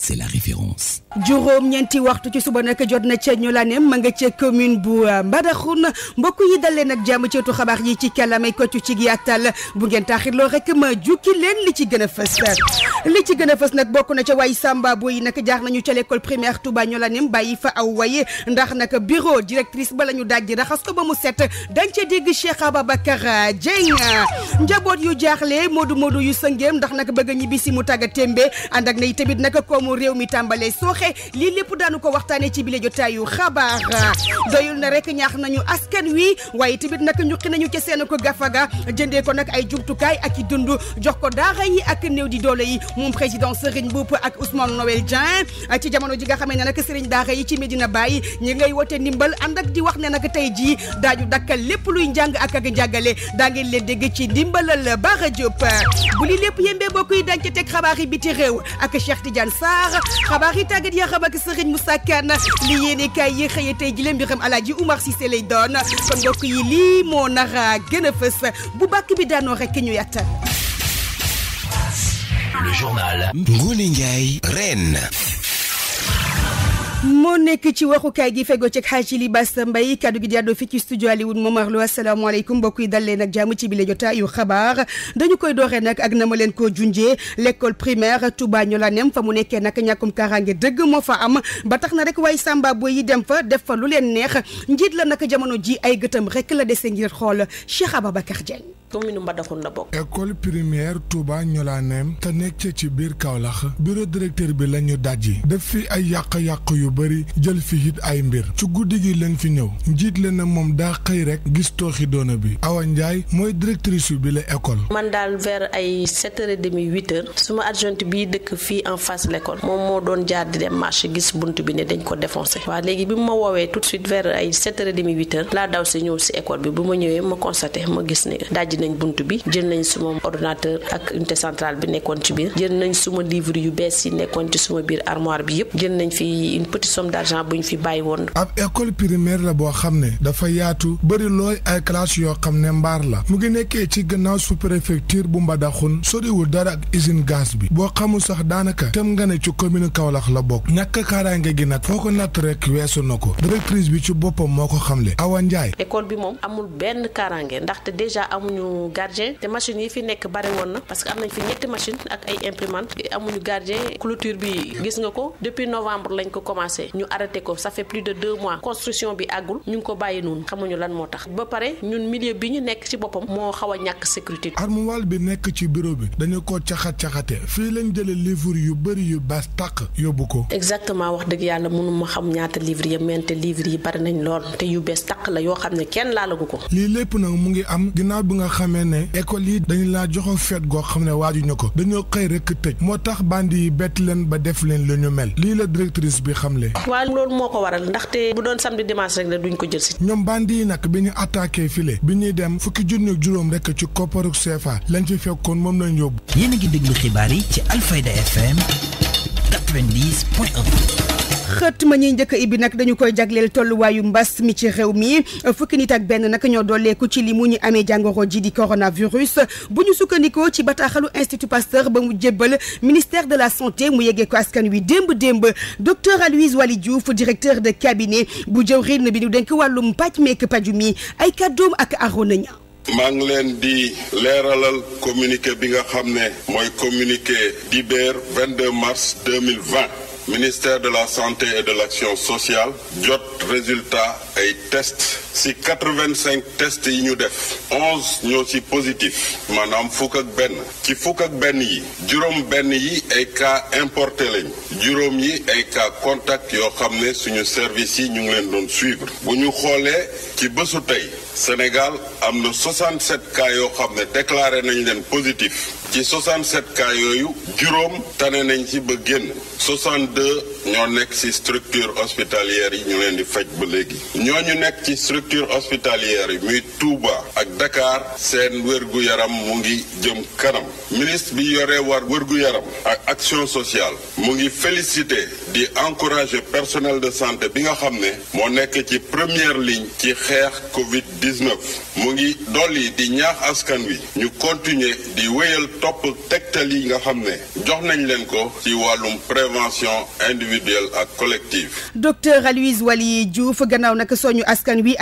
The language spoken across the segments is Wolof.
c'est la référence. juróom-ñeenti waxtu ci suba nak jotna ci commune bu euh, Mbadakhoune mbokk yi dal leen ak ci tu xabar yi ci kàllaamay ko ci giatal bu ngeen lo rek ma li ci gëna li ci gëna fess nak bokku na ci waay Samba Boy nak jaar nañu l'école primaire Touba ñu laneem waye ndax nak bureau directrice ba lañu dajji raxas ko ba mu set dañ ca dégg Cheikh Ababakar Dieng njaboot yu jaxlé modu modu yu ndax nak bëgg mu ak mu réew mi tàmbalee sooxe lii lépp daanu ko waxtaanee ci bile jotaayu xabaar doyul na rek ñaax nañu askan wi waaye tamit nag ñuqi nañu ca seen ko gafaga jëndee ko nag ay jumtukaay ak i dund jox ko daara yi ak néew di doole yi moom président Serigne Mboup ak Ousmane Noël Dieng ci jamono ji nga xamee ne nag Serigne yi ci Medina Baye ñi ngay woote ndimbal ànd ak di wax ne nag tey jii daaju dakkal lépp luy njàng ak ak njàngale daa ngeen leen dégg ci ndimbalal Bara Diop bu li lépp yembee mbokk yi dañ ca teg xabaar yi biti réew ak Cheikh Tidiane Sarr xabaar yi tàggat yaram ak Serigne a Kane li yéene kaay yi xëye ji leen mbiram Alaaji Oumar Cissé lay doon kon mbokk yi lii moo nara gën a fës bu bàkk bi daanoo rek ñu yàtt Le journal Ngoné Ndiaye Reine moo nekk ci waxukaay gi fego ci li Libaas Mbay kaddu gi di àddoo fii ci studio Alioune Momar Lo asalaamaaleykum mbokk yi dal leen ak jàmm ci bile jotaayu xabaar dañu koy dooree nag ak na ma leen ko junjee l' école primaire Touba Niolanem fa mu nekkee nag ñàkkum kaaraange dëgg moo fa am ba tax na rek waaye Samba boy yi dem fa def fa lu leen neex njiit la nag jamono ji ay gëtam rek la dese ngir xool Cheikh Ababacar Dieng. commune Mbadakhoune la bokk. école primaire Touba Ñolaaneem te nekk ci biir Kaolack bureau directeur bi la ñu dajji def fi ay yàq-yàq yu bëri jël fi it ay mbir ci guddi gi lañ fi ñëw njiit la na moom daa xëy rek gis tooxi doona bi Awa Ndiaye mooy directrice bi la école. man daal vers ay sept heures et demi huit heures suma bii dëkk fii en face l' école moom moo doon jaar di marché gis bunt bi ne dañ ko défoncé waaw léegi bi mu ma woowee tout de suite vers ay sept heures et demi laa daw école bi bu ma ñëwee ma constaté ma gis ne nañ bunt bi jël nañ suma ordinateur ak unité centrale bi nekkoon ci biir jël nañ suma livre yu bees yi nekkoon ci suma biir armoire bi yëpp jël nañ fi une petite somme d' argent bu ñu fi bàyyi woon. ab école primaire la boo xam ne dafa yaatu bëri looy ay classe yoo xam ne mbaar la mu ngi nekkee ci gannaaw sous préfecture bu Mbadakhoune soriwul dara ak usine gaz bi boo xamul sax daanaka tem nga ne ci commune Kaolack la bokk ñàkk kaaraange gi nag foo ko natt rek weesu na ko directrice bi ci boppam moo ko xamle Awa bi moom amul benn kaaraange ndaxte déjà amuñu amuñu gardien te machine yi fi nekk bari woon na parce que am nañ fi ñetti machine ak ay imprimante amuñu gardien clôture bi gis nga ko depuis novembre lañ ko commencé ñu arrêté ko ça fait plus de deux mois construction bi àggul ñu ngi ko bàyyi noonu xamuñu lan moo tax ba pare ñun milieu bi ñu nekk ci boppam moo xaw a ñàkk sécurité. armoire bi nekk ci bureau bi dañu ko caxat caxate fii lañ jëlee livre yu bëri yu bees tàq yóbbu ko. exactement wax dëgg yàlla mënu ma xam ñaata livre yi mente livre yi bari nañ lool te yu bees tàq la yoo xam ne kenn laalagu ko. xamee ne école yi dañu laa joxo feet goo xam ne ñu ko dañoo xëy rek tëj moo tax bandi yi bett leen ba def leen lu ñu mel lii la directrice bi xam xamle. waaw loolu moo ko waral ndaxte bu doon samedi dimanche rek de duñ ko jël si. ñoom bandi yi nag bi ñu attaqué file bi ñuy dem fukki junni juróom rek ci kopparu CFA lañ fi fekkoon moom lañ yóbbu. yéen a ngi déglu xibaar yi ci Alfayda FM 90 point 1. xët ma ñuy njëkk ibbi nag dañu koy jagleel tolluwaayu mbas mi ci réew mi fukki nit ak benn nag ñoo dolleeku ci li mu ñu amee jàngoro ji di coronavirus bu ñu sukkandikoo ci bataaxalu institut Pasteur ba mu jébbal ministère de la santé mu yeggee ko askan wi démb démb docteur Aloyse Waly Diouf directeur de cabinet bu jëwriñ bi ñu denk wàllum pàcc meek paju mi ay kàddoom ak Arona Niang maa ngi leen di leeralal communiqué bi nga xam ne mooy communiqué d'hier 22 ministère de la santé et de l'action sociale d'autres résultat et test Si 85 tests yi ñu def sont ñoo positif manam fuk ak ben. ci fuk ak ben yi juróom ben yi ay cas importé yi ay cas contact service yi ñu ngi leen doon suivre bu ñu Sénégal am na 67 cas yoo xam ne déclaré nañ leen positif ci 67 cas yooyu juróom tane nañ ci ba génn 62 ñoo nekk ci structure hospitalière yi ñu leen di faj ba léegi ñu nekk ci structure hospitalière yi muy Touba ak Dakar seen wérgu yaram mu ngi jëm kanam ministre bi yore war wérgu yaram ak action sociale mu ngi félicité di encourager personnel de santé bi nga xam ne moo nekk ci première ligne ci xeex Covid 19 mu ngi dolli di ñaax askan wi ñu continuer di wéyal topp tegtal yi nga xam ne jox nañ leen ko ci wàllum prévention individuelle individuelle ak docteur Aloïse Wali Diouf gannaaw Nak soñu askan wi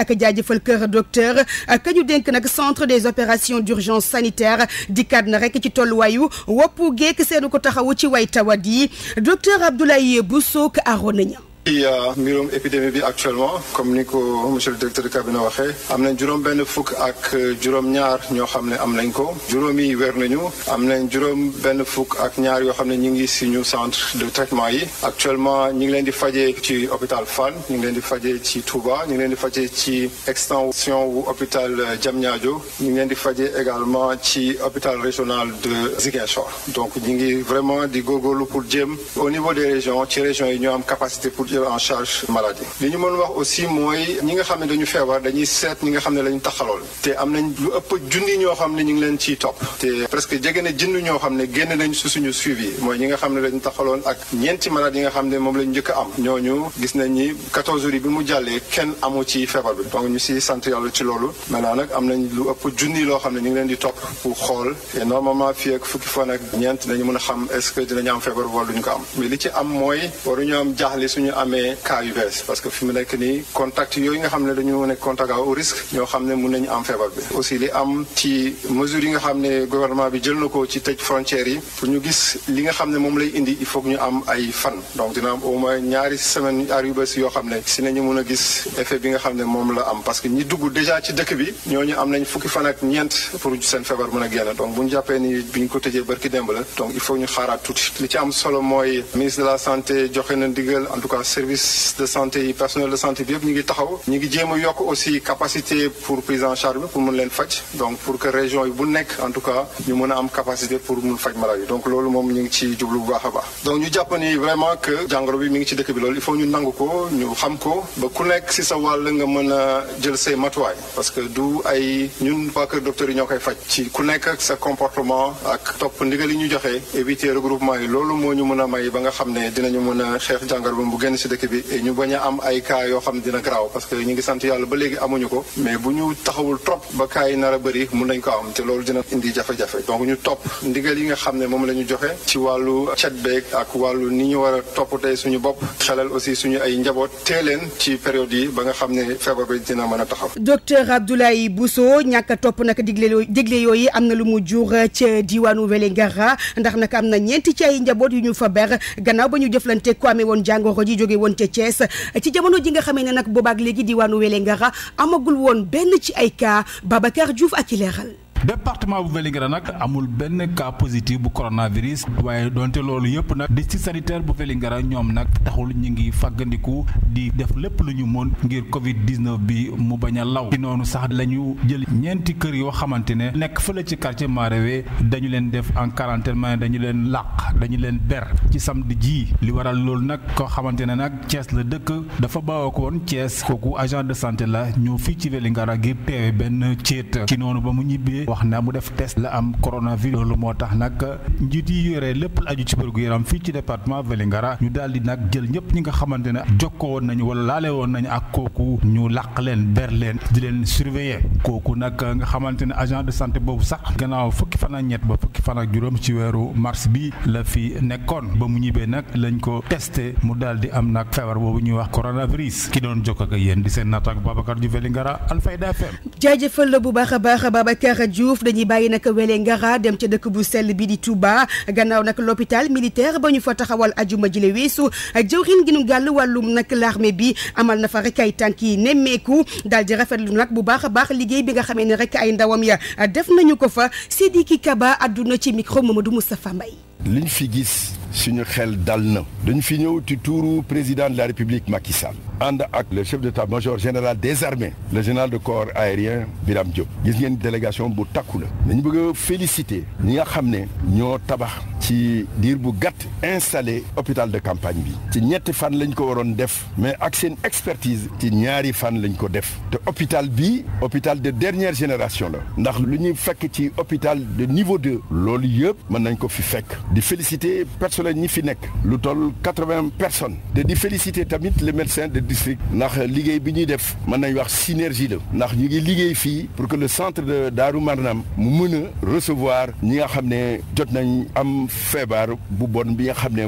folker docteur ka ñu centre des opérations d'urgence sanitaire Dikad na rek ci tolluwaayu woppu geek docteur Abdoulaye Boussouk, ak il a euh, mbirum épidémie bi actuellement comme ni ko monsieur le directeur de cabinet waxee am nañ juróom benn ak juróom-ñaar ñoo xamné ne am nañ ko juróom yi nañu am nañ benn ak ñaar yo xamné ñi ñu ngi suñu centre de traitement yi actuellement ñi ngi leen di fajee ci hôpital Fann ñi ngi leen di fajee ci Touba ñi ngi leen di fajee ci extension ou hôpital euh, Diamniadio ñi ngi leen di fajee également ci hôpital régional de Ziguinchor donc ñi ngi vraiment di góorgóorlu pour jéem au niveau des régions ci région yi ñu am capacité pour jël en charge maladie li ñu mën wax aussi mooy ñi nga xam ne dañu feebar dañuy seet ñi nga xam ne la ñu taxalool te am nañ lu ëpp junni ñoo xam ne ñu ngi leen ñoo xam ne génn nañ su suñu suivi xam ne la ñu taxaloon ak ñeenti xam ne moom la a am ñooñu gis nañ ni 14 jours yi bi mu jàllee kenn amu ci feebar bi donc ñu si sant yàlla ci loolu maintenant am nañ lu ëpp junni loo xam ne ñu ngi leen di topp pour xool et normalement fii ak fukki fan ak ñeent dañu mën a xam est-ce que dinañu am feebar wala duñu ko am mais li ci am mooy waruñu am jaaxle suñu am amee cas yu bees parce que fi mu nekk nii contact yooyu nga xam ne dañu nekk contact au risque ñoo xam ne mun nañ am feebar bi aussi li am ci mesures yi nga xam ne gouvernement bi jël na ko ci tëj frontières yi pour ñu gis li nga xam ne moom lay indi il faut ñu am ay fan donc dina am au moins ñaari semaine ar yu bees yoo xam ne si nañu mun a gis effet bi nga xam ne moom la am parce que ñu dugg déjà ci dëkk bi ñooñu am nañ fukki fan ak ñeent pour seen feebar mën a génn donc bu jàppee ni bi ñu ko tëjee barki démb la donc il faut ñu li ci am solo mooy ministre de la santé joxe tout cas service de santé yi personnel de santé bi yëpp ñu ngi taxaw ñu ngi jéem a aussi capacité pour prise en charge pour mën leen faj donc pour que région yi bu nekk en tout cas ñu mën a am capacité pour mun faj maladie donc loolu moom ñu ngi ci jublu bu baax a donc ñu jàpp vraiment que jàngoro bi mi ngi ci dëkk bi loolu il faut ñu nangu ko ñu xam ko ba ku nekk si sa wàll nga mën a jël say matuwaay parce que du ay ñun pas que docteur yi ñoo koy faj ci ku nekk ak sa comportement ak topp ndigal yi ñu joxe éviter regroupement yi loolu moo ñu mën a may ba nga xam ne dinañu mën a xeex jàngoro bi bu génn si dëkk bi eh, ñu bañ a am ay cas yoo xam ne dina garaaw parce que ñu ngi sant yàlla ba léegi amuñu ko mais bu ñu taxawul trop ba cas yi nar a bëri mun nañ ko am te loolu dina indi jafe-jafe donc ñu topp ndigal yi nga xam ne moom la joxe ci wàllu cet ak wàllu ni ñu war a toppatee suñu bopp xelal aussi suñu ay njaboot tee leen ci période yi ba nga xam ne feebar bi dina mën a taxaw. docteur Abdoulaye Bousso ñàkk a topp nag digle digle yooyu am na lu mu jur ca diwaanu Vélingara ndax nag am ci ay ba ñu jóge woon ca Thiès ci jamono ji nga xamee ne nag boobaak léegi diwaanu Wélingara amagul woon benn ci ay cas Babacar Diouf ak i leeral département bu Vélingara nag amul benn cas positif bu coronavirus waaye donte loolu yëpp nag di ci sanitaire bu Vélingara ñoom nag taxul ñu ngi fàggandiku di def lépp lu ñu mën ngir Covid 19 bi mu bañ a law ci noonu sax la ñu jël ñeenti kër yoo xamante ne nekk fële ci quartier Marewe dañu leen def en quarantaine dañu leen làq dañu leen ber ci samedi jii li waral loolu nag koo xamante ne nag cees la dëkk dafa bawoo ko kooku agent de santé la ñëw fii ci Vélingara ngir teewe benn céet ci noonu ba mu ñibbee wax na mu def test la am coronavirus loolu moo tax nag njiit yi yore lépp la aju ci wérgu yaram fii ci département Vélingara ñu daal di nag jël ñëpp ñi nga xamante ne jokkoo woon nañu wala laale woon nañu ak kooku ñu làq leen ber leen di leen surveiller kooku nag nga xamante ne agent de santé boobu sax gannaaw fukki fan ak ñett ba fukki fan ak juróom ci weeru mars bi la fi nekkoon ba mu ñibbee nag lañ ko teste mu daal di am nag feebar boobu ñuy wax coronavirus ki doon jokk yéen di seen naataak Babacar Diouf Vélingara Alfayda FM. jaajëfal Diouf dañuy bàyyi nag wele ngara dem ca dëkk bu sell bi di tubaa gannaaw nag l'hôpital militaire ba ñu fa taxawal ajuma jile weesu jëwrin gi nu gàll wàllum nag l'armée bi amal na fa rek ay tànk yi nemmeeku daal di rafetlu nag bu baax a baax liggéey bi nga xamee ni rek ay ndawam ya def nañu ko fa Sidiki Kaba àdduna ci micro Mamadou Moustapha mbay liñ fi gis suñu xel dal na dañ fi ñëw ci tuuru président de la république Macky Sall ànd ak le chef d'état-major général des armées le général de corps aérien Biram Diop gis ngeen délégation bu takku la dañu bëgg a féliciter ñi nga xam ne tabax ci bu installé hôpital de campagne bi ci ñetti fan lañ ko waroon def mais ak seen expertise ci ñaari fan lañ ko def te hôpital bi hôpital de dernière génération la ndax lu ñuy fekk ci hôpital de niveau 2. loolu yëpp mën nañ ko fi fekk de féliciter personnel ñi fi nek lu toll 80 personnes de di féliciter tamit les médecins de district ndax liguey bi ñuy def man nañ wax synergie la ndax ñu ngi liguey fi pour que le centre de Daru Marnam mu mën recevoir ñi nga xam ne jot nañ am feebar bu bon bi nga xam ne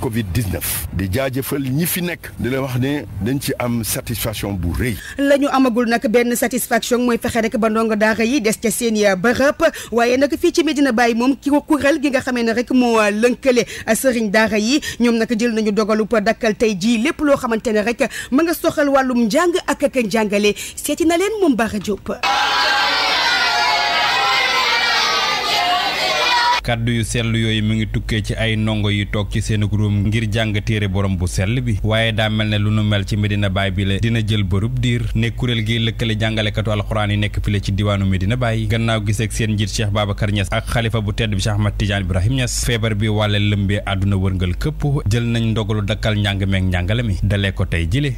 Covid-19 di jaajëfal ñi fi nekk di la wax ne dañ ci am satisfaction bu rëy la amagul nag benn satisfaction mooy fexe rek ba ndongo daara yi des ca seen ba bërëb waaye nag fii ci Medina Baye moom ki kuréel gi nga xamee ne rek nag moo lënkale sëriñ daara yi ñoom nag jël nañu dogalu dakkal tey jii lépp loo xamante ne rek ma nga soxal wàllum njàng ak ak njàngale seeti na leen moom Bara Diop kàddu yu sell yooyu mu ngi tukkee ci ay ndongo yu toog ci seen ruum ngir jàng téere borom bu sell bi waaye daa mel ne lu nu mel ci Medina Baay bi la dina jël bërub diir ne kuréel gi lëkkale jàngalekatu alxuraan yi nekk file ci diwaanu Medina Baay gannaaw gis ak seen njiit Cheikh Babacar Niass ak xalifa bu tedd bi Cheikh Ahmad Tidiane Ibrahim Niass feebar bi wàlle lëmbee àdduna wërngal këpp jël nañ ndogalu dakkal njàng meeg njàngale mi dalee ko tey jile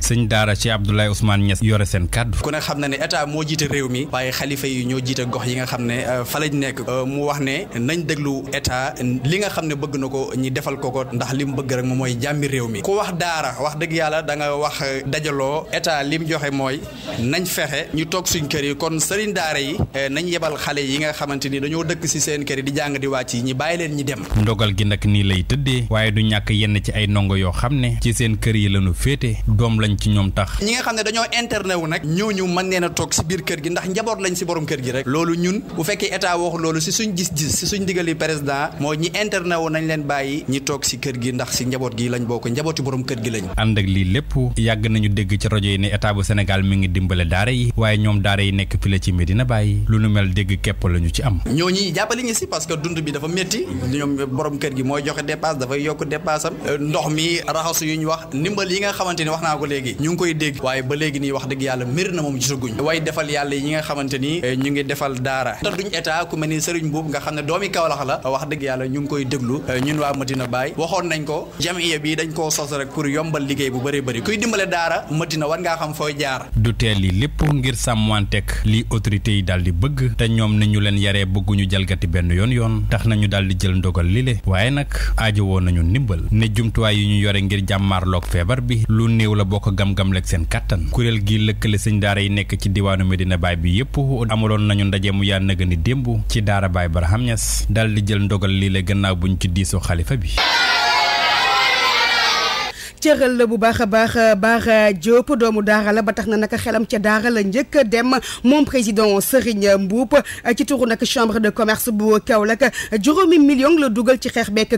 taxawu état li nga xam ne bëgg na ko ñi defal ko ndax li mu bëgg rek moom mooy jàmmi réew mi ku wax daara wax dëgg yàlla da wax dajaloo état li mu joxe mooy nañ fexe ñu toog suñ kër yi kon sëriñ daara yi eh, nañ yebal xale yi nga xamante ni dañoo dëkk si seen kër yi di jàng di wàcc yi ñi bàyyi leen ñi dem ndogal gi nag nii lay tëddee waaye du ñàkk yenn ci ay nongo yoo xam ne ci seen kër yi lañu féete doom lañ ci ñoom tax ñi nga xam ne dañoo internet wu nag ñooñu mën nee na toog si biir kër gi ndax njaboot lañ si borom kër gi rek loolu ñun bu fekkee état waxu loolu si suñ gis suñ digali président moo ñi internet wu nañ leen bàyyi ñi toog si kër gi ndax si njaboot gi lañ bokk njabooti borom kër gi lañ ànd ak lii lépp yàgg nañu dégg ci rajo yi ne état bu Sénégal mi ngi dimbale daara yi waaye ñoom daara yi nekk fii la ci Medina Baye lu nu mel dégg képp la ci am ñooñu jàppale ñu parce que dund bi dafa métti ñoom borom kër gi mooy joxe dépasse dafay yokk dépasse ndox mi raxasu yu ñu wax ndimbal yi nga xamante ni wax naa ko léegi ñu ngi koy dégg waaye ba léegi nii wax dëgg yàlla mbir na moom gisaguñ way defal yàlla yi nga xamante ni ñu ngi defal daara te duñ état la wax dëgg yàlla ñu ngi koy déglu euh, ñun waa Medina Baye waxoon nañ ko jamiya bi dañ koo sos rek pour yombal liggéey bu bare bëri kuy dimbale daara Medina war ngaa xam fooy jaar du teel li lépp ngir sàmmanteeg li autorités yi daal di bëgg te ñoom ñu leen yaree bëgguñu jalgati benn yoon yoon tax nañu daal di jël ndogal lile waaye nag aajo woon nañu ndimbal ne jumtuwaay yi ñu yore ngir jàmmaarloog feebar bi lu néew la bokk gam-gam leeg seen kàttan kuréel gi lëkkale sëñ daara yi nekk ci diwaanu Medina Baye bi yépp amaloon nañu ndaje mu yaa nëgani démb ci daara Baye jël ndogal lii la gannaaw buñ ci diisoo xalifa bi cëral la bu baax a baax Bara Diop doomu daara la ba tax na naka xelam ca daara la njëkk dem moom président Serigne Mboup ci turu nag chambre de commerce bu Kaolack juróomi million la dugal ci xeex beek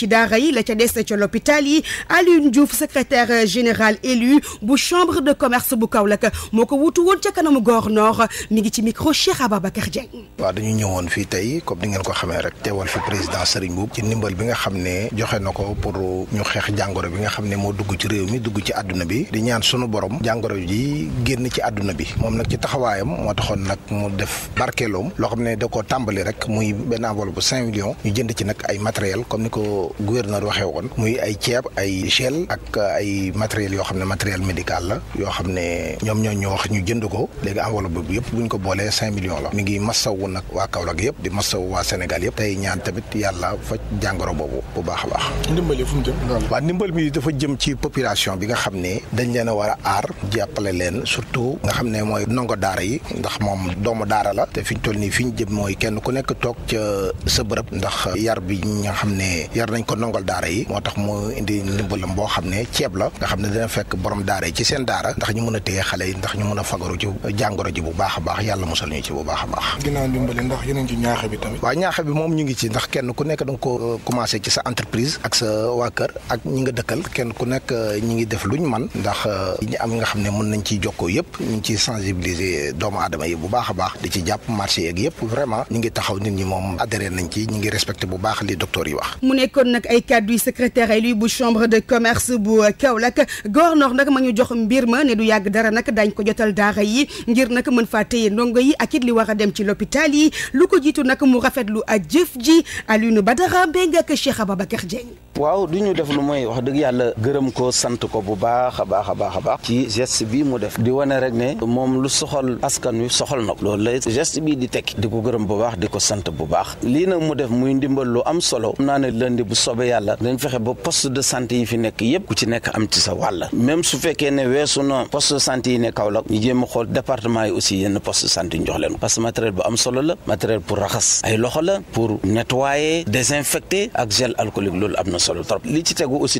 ci daara yi la ca des ca l'hôpital yi général élu bu chambre de commerce bu Kaolack moo ko wutu woon ca kanamu Gor Nord mi ngi ci micro Cheikh Ababacar Dieng. waaw dañu ñëwoon fii tey comme ni ngeen ko xamee rek teewal fi président Serigne Mboup ci ndimbal bi nga xam ne joxe na ko pour ñu xeex jangoro bi nga xamne mo dugg ci rew mi dugg ci aduna bi di ñaan suñu borom jangoro ji genn ci aduna bi mom nak ci taxawayam mo taxon nak mu def barkelom lo xamne ne da koo tàmbali rek muy ben envol bu 5 millions ñu jënd ci nak ay matériel comme niko gouverneur waxee won muy ay ceeb ay gel ak ay matériel yo xamne matériel médical la yo xamne ñom ñoom ñoo ñu wax ñu jënd ko léegi envol bu yëpp buñ ko bolé 5 millions la mi ngi masawu nag waa Kaolack yëpp di massaw wa Sénégal yëpp tay ñaan tamit yalla fa jangoro bobu bu baax baax fu a jëm ndimbal bi dafa jëm ci population bi nga xam ne dañ leen a war a aar jàppale leen surtout nga xam ne mooy ndongo daara yi ndax moom doomu daara la te fi ñu toll nii fi ñu jëm mooy kenn ku nekk toog ca sa bërëb ndax yar bi nga xam ne yar nañ ko ndongal daara yi moo tax mu indi ndimbalam boo xam ne ceeb la nga xam ne dina fekk borom daara yi ci seen daara ndax ñu mën a téye xale yi ndax ñu mën a fagaru ci jàngoro ji bu baax a baax yàlla musal ñu ci bu baax a baax ginnaaw ndimbali ndax yeneen ci ñaaxe bi tamit moom ñu ngi ci ndax kenn ku nekk danga ko commencé ci sa entreprise ak sa waa kër ak ñi nga dëkkal kenn ku nekk euh, ñi ngi def luñ man ndax euh, ñi am nga xam ne mën nañ ciy jokkoo yëpp ñu ngi ciy sensibiliser doomu aadama yi bu baax a baax di ci jàpp marché yeeg yëpp vraiment ñi ngi taxaw nit ñi moom adhéré nañ ci ñi ngi respecté bu baax li docteur yi wax mu nekkoon nag ay kàddu yu secrétaire élu bu chambre de commerce bu euh, Kaolack gouverneur nag ma ñu jox mbir ma ne du yàgg dara nag daañ ko jotal daara yi ngir nag mën faa téye ndongo yi ak it li war a dem ci l'hôpital yi lu ko jiitu nag mu rafetlu ak ji Alioune Badara Mbengue ak Cheikh Ababacar Dieng waaw wax dëgg yàlla gërëm ko sant ko bu baax a baax a baax a baax ci geste bi mu def di wane rek ne moom lu soxal askan wi soxal na ko lay geste bii di tekki di ko gërëm bu baax di ko sant bu baax lii nag mu def muy ndimbal lu am solo naa ne bu sobe yàlla dañ fexe ba poste de santé yi fi nekk yépp ku ci nekk am ci sa wàll même su fekkee ne weesu na poste de santé yi ne Kaolack ñu jéem a département yi aussi yenn poste de santé ñu leen parce matériel bu am solo la matériel pour raxas ay loxo la pour nettoyer désinfecter ak gel alcoolique loolu am solo trop li ci tegu aussi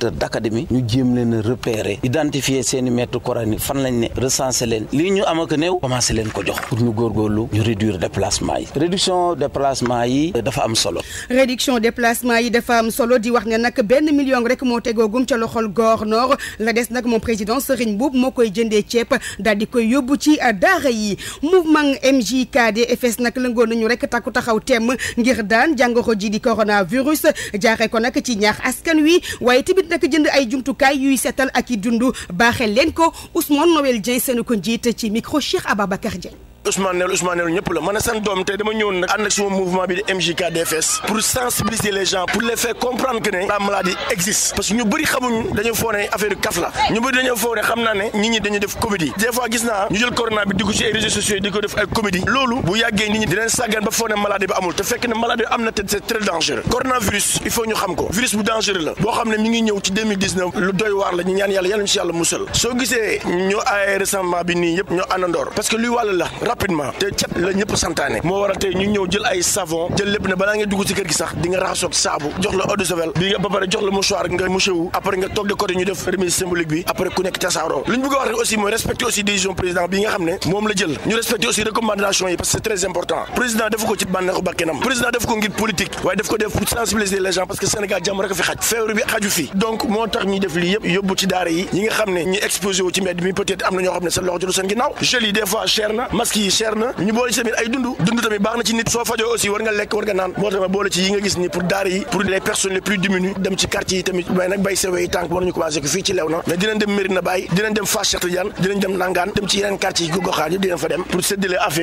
d'académie ñu jëm leen repérer identifier seen i maître coranique fan lañ ne recenser leen li ñu am ak néew commencé leen ko jox pour ñu góorgóorlu ñu réduire déplacement yi réduction déplacement yi dafa am solo. réduction déplacement yi dafa am solo di wax ne nag benn million rek moo tegoogum ca loxol Gornor la des nag mon président Serigne Boub moo koy jëndee ceeb daal di koy yóbbu ci daara yi mouvement MJKDFS nag lëngoon nañu rek takku taxaw temm ngir daan jàngoro ji di coronavirus jaaree ko nag ci ñaax askan wi waaye tamit tamit nag jënd ay jumtukaay yuy seetal ak i dund baaxel leen ko Ousmane Noël Dieng seen ko njiit ci micro Cheikh Ababacar Dieng Ousmane Neul, Ousmane Neul, ñëpp la man seen doom tey dama ñëw nak and ak sama mouvement bi de DFS pour sensibiliser les gens pour les faire comprendre que ne la maladie existe parce que ñu bëri xamuñ dañu foog ne affaire kaf la ñu bëri dañu foog ne xam naa ne nit ñi dañu def comédie des fois gis naa ñu jël corona bi dugg ci ay réseaux sociaux di ko def ay comédie Lolu bu yagge nit ñi di leen sàggan ba foog maladie bi amul te fekk né maladie amna té c'est très dangereux coronavirus il faut ñu xam ko virus bu dangereux la Bo xamné mi ngi ñëw ci 2019 lu doy war la ñu ñaan Yalla Yalla ñu ci Yalla musal So gisee ñu ay récemment bi nii yëpp ñu àndandoor parce que luy wàll la rapidement te cet la ñëpp santané mo wara tey ñu ñëw jël ay savon jël lepp ne balaa nga dugg ci kër gi sax di nga raxasoo ak saabu jox la eau de javel bi nga ba paré jox la mouchoir nga mouchewu après nga tok de côté ñu def remise symbolique bi après ku nekk tasaaroo li bëgg wax rek aussi moy respecter aussi décision président bi nga xamné mom la jël ñu respecter aussi recommandation yi parce que c'est très important président def ko ci bànneexu bakkenam président def ko ngir politique way def ko def pour sensibiliser les gens parce que Sénégal jàmm rek fi xaj feebar bi xaju fi donc mo tax ñuy def li yëpp yóbbu ci daara yi ñi nga xamné ñi ñu exposé wu ci mbedd mi peut-être am na ñoo xam ne seen loxo jotu seen ginnaaw gel des fois cher na masque yi cher na ñu boole ci tamit ay dund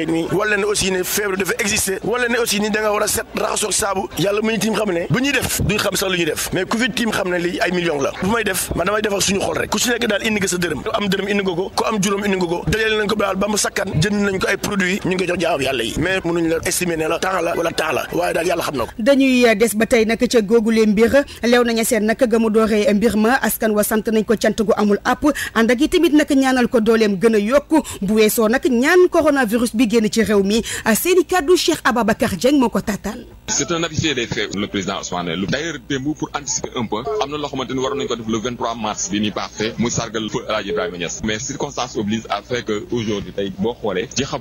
nii wala ne aussi ne feebar dafa existé wala ne aussi ni da war a set raxasoog saabu yàlla mu ñu tiim xam ne bu ñuy def duñ xam sax lu def mais ku fi tiim xam ne lii ay millions la bu may def man damay def suñu xol rek ku si nekk daal indi nga sa dërëm am dërëm indi nga ko am juróom indi ko dajale nañ ko daal ba mu sakkan jënd nañ ko mais mënuñ ne la temps la wala temps la waaye daal yàlla xam na ko dañuy des ba tey nag ca googulee mbir leew nañu seen nag ga mu dooree mbir ma askan wa sant nañ ko cant gu amul àpp ànd ak i tamit nag ñaanal ko dooleem gën a yokku bu weesoo nag ñaan coronavirus bi génn ci réew mi seeni kàddu Cheikh Ababacar Dieng moo ko tàttaan c'est un officier des le président Ousmane Lu d'ailleurs pour anticiper un peu am na loo xamante ni waroon nañu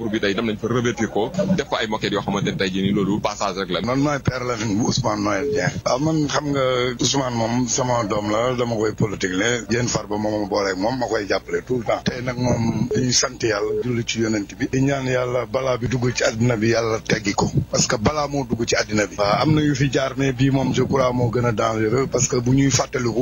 arbre bi tey dem nañ fa revêtir ko def ay moquette yoo xamante ne tey jii loolu passage rek la. man maay Père Lamine bu Ousmane Noël Dieng. waaw ah, man xam nga Ousmane moom sama doom la dama koy politique le yéen Farba moom ma booleeg moom ma koy jàppale tout le temps. tey nag moom dañuy ci yonent bi. di ñaan yàlla balaa bi dugg ci àddina bi yàlla teggi ko. parce que balaa moo dugg ci àddina bi. waaw ah, am na yu fi jaar mais bii moom je crois moo gën a dangereux parce que bu ñuy fàttaliku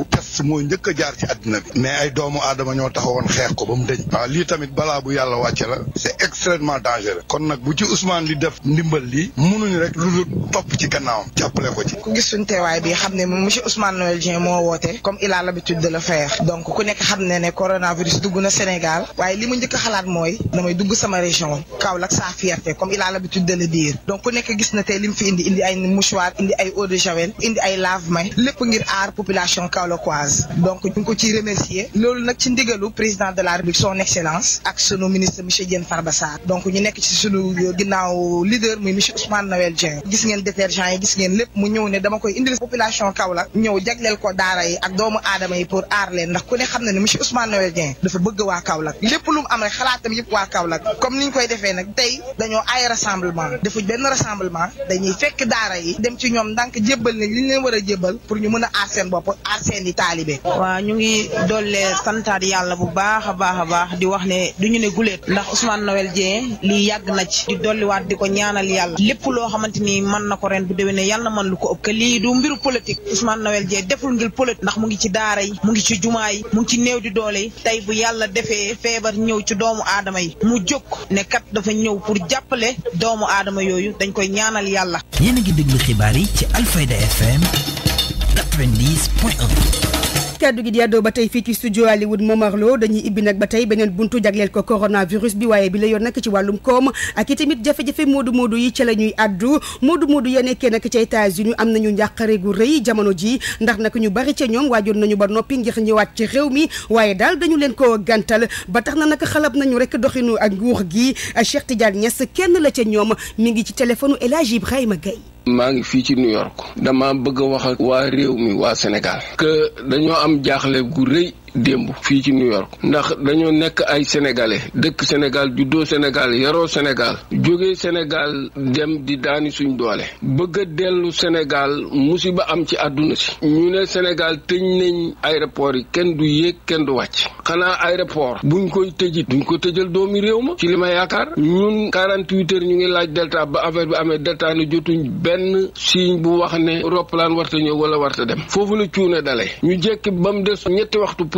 a extrêmement dangereux kon nak bu ci Ousmane li def ndimbal li mënuñu rek lu top ci gannaaw jàppale ko ci. ku gis suñu teewaay bi xam ne monsieur Ousmane Noël Dieng mo woté comme il a l'habitude de le faire donc ku nek xamné né coronavirus dugg na Sénégal waye li mu njëkk xalaat moy damay dugg sama région Kaolack sa fierté comme il a l'habitude de le dire donc ku nek gis na té lim fi indi indi ay mouchoir indi ay eau de javel indi ay lave-mains lépp ngir ar population kaolackoise donc ñu ko ci remercier Lolu nak ci ndigalu président de la République son excellence ak sunu ministre monsieur Diène Farba Sarr donc ñu nekk ci sunu euh, ginnaaw leader muy monsieur Ousmane Noël Dieng gis ngeen détergent yi gis ngeen lépp mu ñëw ne dama koy indil population Kaolack ñëw jagleel ko daara yi ak doomu aadama yi pour aar leen ndax ku ne xam na ne monsieur Ousmane Noël Dieng dafa bëgg waa Kaolack lépp lu mu am rek xalaatam yëpp waa Kaolack comme niñ koy defee nag tey dañoo ay rassemblement defuñ benn rassemblement dañuy fekk daara yi dem ci ñoom ndànk jébbal ne li ñu leen war a jébbal pour ñu mën a aar seen bopp aar seen i yàlla bu baax a baax a baax di wax ne duñu ne guleet ndax Ousmane Noël Dieng ne lii yàgg na ci di dolliwaat di ko ñaanal yàlla lépp loo xamante ni man na ko ren bu ne yàlla man mën lu ko ëpp que lii du mbiru politique Ousmane Noël Dieng deful ngir politique ndax mu ngi ci daara yi mu ngi ci jumaa yi mu ngi ci néew di doole yi tey bu yàlla defee feebar ñëw ci doomu aadama yi mu jóg ne kat dafa ñëw pour jàppale doomu aadama yooyu dañ koy ñaanal yàlla. yéen a ngi xibaar yi ci Alfayda FM 90 kaddu gi di àddoo ba tey fii ci studio Hollywood Momar Lo dañuy ibbi nag ba tey beneen buntu jagleel ko coronavirus bi waaye bi la yoon nag ci wàllum koom ak itamit jafe-jafe moodu moodu yi ca la ñuy addu moodu moodu ya nekkee nag ca États-Unis am nañu njàqare gu rëy jamono ji ndax nag ñu bari ca ñoom waajoon nañu ba noppi ñëwaat ci réew mi waaye daal dañu leen ko gàntal ba tax na nag xalab nañu rek doxinu ak nguur gi Cheikh Tidiane Niass kenn la ca ñoom mi ngi ci téléphone El Hadj Ibrahima maa ngi fii ci New York dama bëgg a wax ak waa réew mi waa Sénégal que dañoo am jaaxle gu rëy démb fii ci New York ndax dañoo nekk ay sénégalais dëkk Sénégal juddoo Sénégal yaroo Sénégal jóge Sénégal dem di daani suñ doole bëgg a dellu Sénégal musiba am ci àdduna si ñu ne Sénégal tëj nañ aéroport yi kenn du yéeg kenn du wàcc xanaa aéroport buñ koy tëjit duñ ko tëjal doomi réew ma ci li ma yaakaar ñun 48 heures ñu ngi laaj delta ba affaire bi amee delta ne jotuñ benn signe bu wax ne roplaan warta ñëw wala warta dem foofu la cuune dale